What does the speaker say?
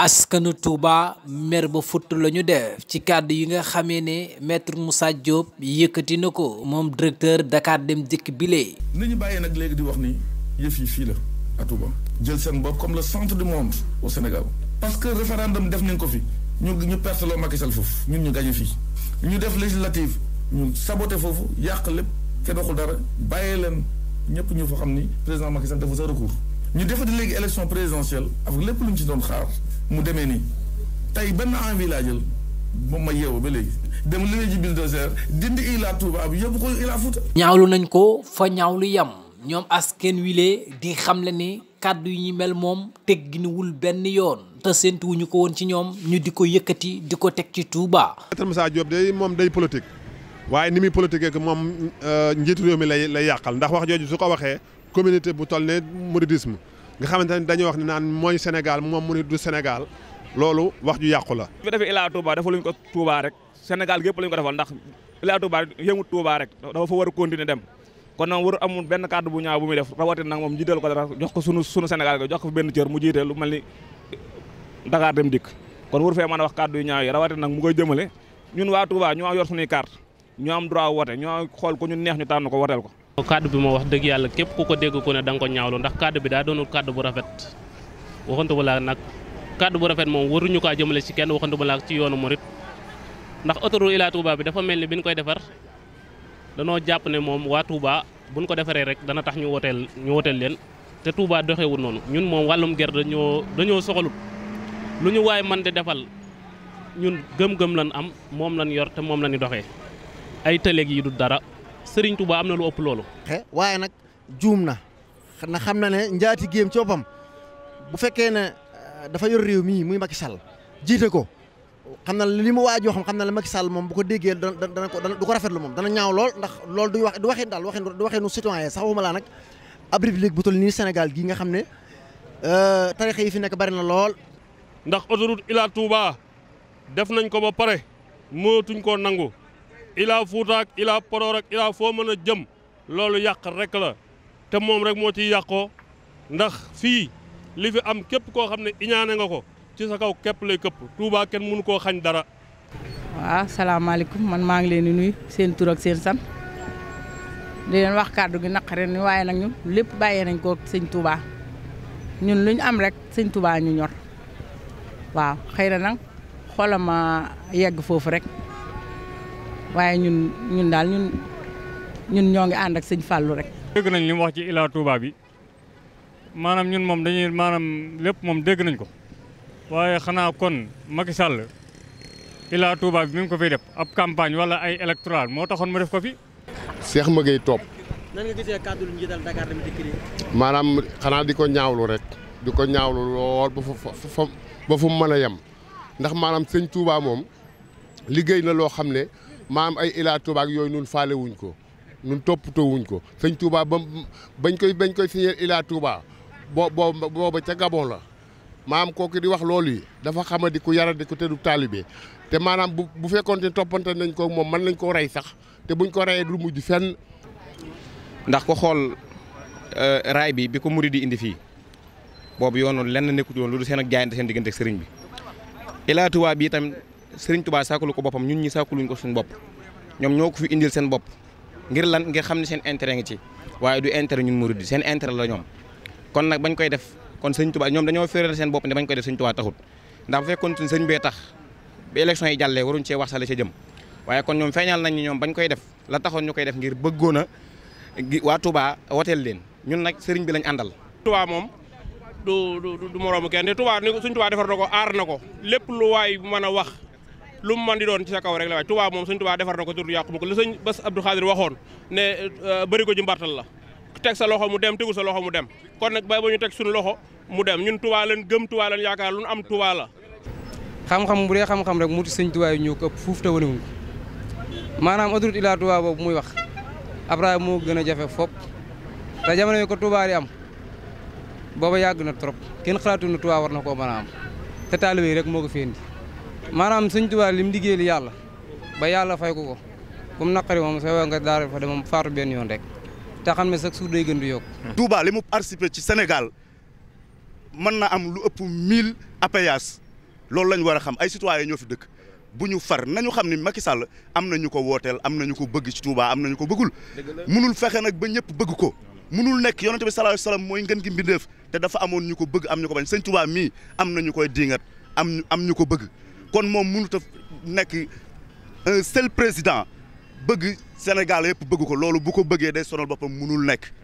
askanu Touba mer ba futt lañu def ci cadre yi nga xamé né maître Moussa Diop yëkëti ko directeur Dakar Dem Dikk bile. ni ñu bàyyee nag léegi di wax ni yëf yi la à Touba jël sen comme le centre du monde au Sénégal. parce que référendum def nañ ko fi ñu ñu perte lo Macky Sall fofu ñun ñu gañe fi ñu def législative ñu saboter fofu yàq lepp kenn doxul dara bayé leen ñëpp ñu fa xamni président Macky Sall dafa sa recours. ñu defati légui élection présidentielle Avec lepp luñ ci doon xaar. mu demee nii tey benn envie laa moom ma yeewu ba léegi dem li ji bulldozer dindi Ila Touba bi yóbbu ko Ila Fouta. ñaawlu nañ ko fa ñaawlu yam ñoom askan wile di xamle ni kàddu yi ñu mel moom tegginuwul benn yoon. te séentuwuñu ko woon ci ñoom ñu di ko yëkkati di ko teg ci Touba. Maître Moussa Diop day moom day politique waaye ni muy politique moom euh, njiitu réew mi lay lay yàqal ndax wax jooju su ko waxee communauté bu toll ne mouridisme nga xamante ne dañuy wax ni naan mooy Sénégal moom mu ne du Sénégal loolu wax ju yàqu la. fi defee Ila Touba dafa luñ ko Touba rek Sénégal gépp lañ ko defal ndax Ila Touba yëngu Touba rek dafa fa war a continuer dem kon nag war amul benn kàddu bu ñaaw bu muy def rawatina nag moom jiital ko dara jox ko sunu sunu Sénégal ko jox ko benn cër mu jiite lu mel ni Dakar dem dikk kon waru fee mën a wax kàddu yu ñaaw yi rawatina nag mu koy jëmale ñun waa Touba ñoo yor suñuy carte ñu am droit woote ñoo xool ko ñu neex ñu tànn ko woteel ko kaddu bi mo wax deug yalla kep kuko deg ko ne dang ko ñaawlu ndax kaddu bi da doonul kaddu bu rafet waxantu nak kaddu bu rafet mom waruñu ko jëmele ci kenn waxantu bu ci yoonu murid ndax autoru ila touba bi dafa melni biñ koy defar dañoo japp ne mom wa touba buñ ko defare rek dana tax ñu wotel ñu wotel len te touba wu non ñun mom walum ger dañoo dañoo soxalut luñu way man de defal ñun gëm gëm lan am mom lan yor te mom lañu doxé ay teleg yi du dara sëriñ Touba am na lu ëpp loolu. waaye nag juum na na xam na ne njaati géem ci boppam bu fekkee ne eh, dafa yor réew mii muy Macky Sall jiite ko xam na li mu waaj yoo xam xam na la Macky Sall moom bu ko déggee dana dana ko dana du rafetlu moom dana ñaaw lool ndax lool du wax du waxee daal waxee du waxee nu citoyen sax waxuma laa nag ab république bu toll nii Sénégal gii nga xam ne eh, tarixe yi fi nekk bari na lool. ndax autoroute Ila Touba def nañ ko ba pare mootuñ koo nangu. ilaa Fuuta ak ilaa Podor ak ilaa foo mën a jëm loolu yàq rek la te moom rek moo ci yàqoo ndax fii li fi am képp koo xam ne iñaane nga ko ci sa kaw képp lay këpp Touba kenn mënu koo xañ dara. waaw salaamaaleykum man maa ngi leen di nuyu seen tur ak seen san di leen wax kàddu gi naq naqare ni waaye nag ñun lépp bàyyee nañ ko sëñ Touba ñun lu am rek sëñ Touba ñu ñor waaw xëy na nag xoolama yegg foofu rek. waaye ñun ñun daal ñun ñoo ngi ànd ak sëñ Fallou rek. dégg nañ li mu wax ci Ila Touba bi maanaam ñun moom dañuy maanaam lépp moom dégg nañ ko waaye xanaa kon Macky Sall Ila Touba bi mi ngi ko fiy def ab campagne wala ay électoral moo taxoon mu def ko fi. Cheikh Magueye Top. nan nga gisee kàddu lu njiital Dakar dem dikk nii. maanaam xanaa di ko ñaawlu rek di ko ñaawlu lool ba fa ba fu mu mën a yem ndax maanaam sëñ Touba moom liggéey na loo xam ne. maam ay Ila Touba ak yooyu nun faale wuñ ko nun toppatoo ko sañ tuubaa ba bañ koy bañ koy signé Ila Touba boo booba ca Gabon la maam kooku di wax loolu yi dafa xamadi ku yara di ko te du taalibe te maanaam bu bu fekkoon ne toppante nañ ko moom man nañ ko rey sax te buñ ko reyee du mujj fenn. ndax ko xool euh, raay bi bi ko murid di indi fii boobu yoonu lenn nekkut yoon lu du seen ak jaayante seen diggante sëriñ bi Ila Touba bi tam Serigne Touba saakalu ko boppam ñun ñi saakaluñ ko suñu bopp ñoom ñoo ko fi indil seen bopp ngir lan ngir xam ne seen intérêt ngi ci waaye du intérêt ñun murid seen intérêt la ñoom kon nag bañ koy def kon Serigne Touba ñoom dañoo féeral seen bopp ne bañ koy def Serigne Touba taxut ndax bu fekkoon sëñ bee tax bi élection yi waruñ cee wax sale ca jëm waaye kon ñoom feeñal nañ ñoom bañ koy def la taxoon ñu koy def ngir bëggoon a waa Touba woteel leen ñun nag sëriñ bi lañ àndal. Touba moom du du du moroomu kenn te Touba ni suñ Touba defar na ko aar na ko lépp lu waay man a wax lu mu di doon ci sa kaw rek la waaye Touba moom sëñ Touba defar na ko tur yàqu ma ko li sëñ Bass Abdou Khadir waxoon ne euh, bëri ko la teg sa loxo mu dem tegu sa loxo mu dem kon nag bay ba ñu teg suñu loxo mu dem ñun Touba gëm Touba lañ yaakaar lu am Touba la xam-xam bu dee xam-xam rek mu ti sëñ Touba yi ko ëpp fuuf te wanewuñ maanaam autoroute Ila Touba boobu muy wax après moo gën a jafe fop te jamono ko Touba di am booba yàgg na trop kenn xalaatu na Touba war na koo mën a am te rek moo ko fi indi maanaam sëñ Tuubaa lim liggéeyal yàlla ba yàlla fay ko ko bu mu naqari moom sa nga daara fa dem faatu benn yoon rek te xam ne sax su day gën di yokku. Touba li mu participé ci Sénégal mën na am lu ëpp 1000 apéyages loolu la war a xam ay citoyens ñoo fi dëkk bu ñu far nañu xam ni Macky Sall am na ñu ko wooteel am na ñu ko bëgg ci tuubaa am na ñu ko bëggul. munul fexe nag ba ñëpp bëgg ko. munul nekk yonent bi sallallahu alayhi wasallam mooy ngën gi mbindeef te dafa amoon ñu ko bëgg am ñu ko bañ sëñ Touba mii am na ñu koy diingat am am ñu ko bëgg. kon moom mënut a nekk un seul président bëgg Sénégal yëpp bëgg ko loolu bu ko bëggee day sonal boppam munul nekk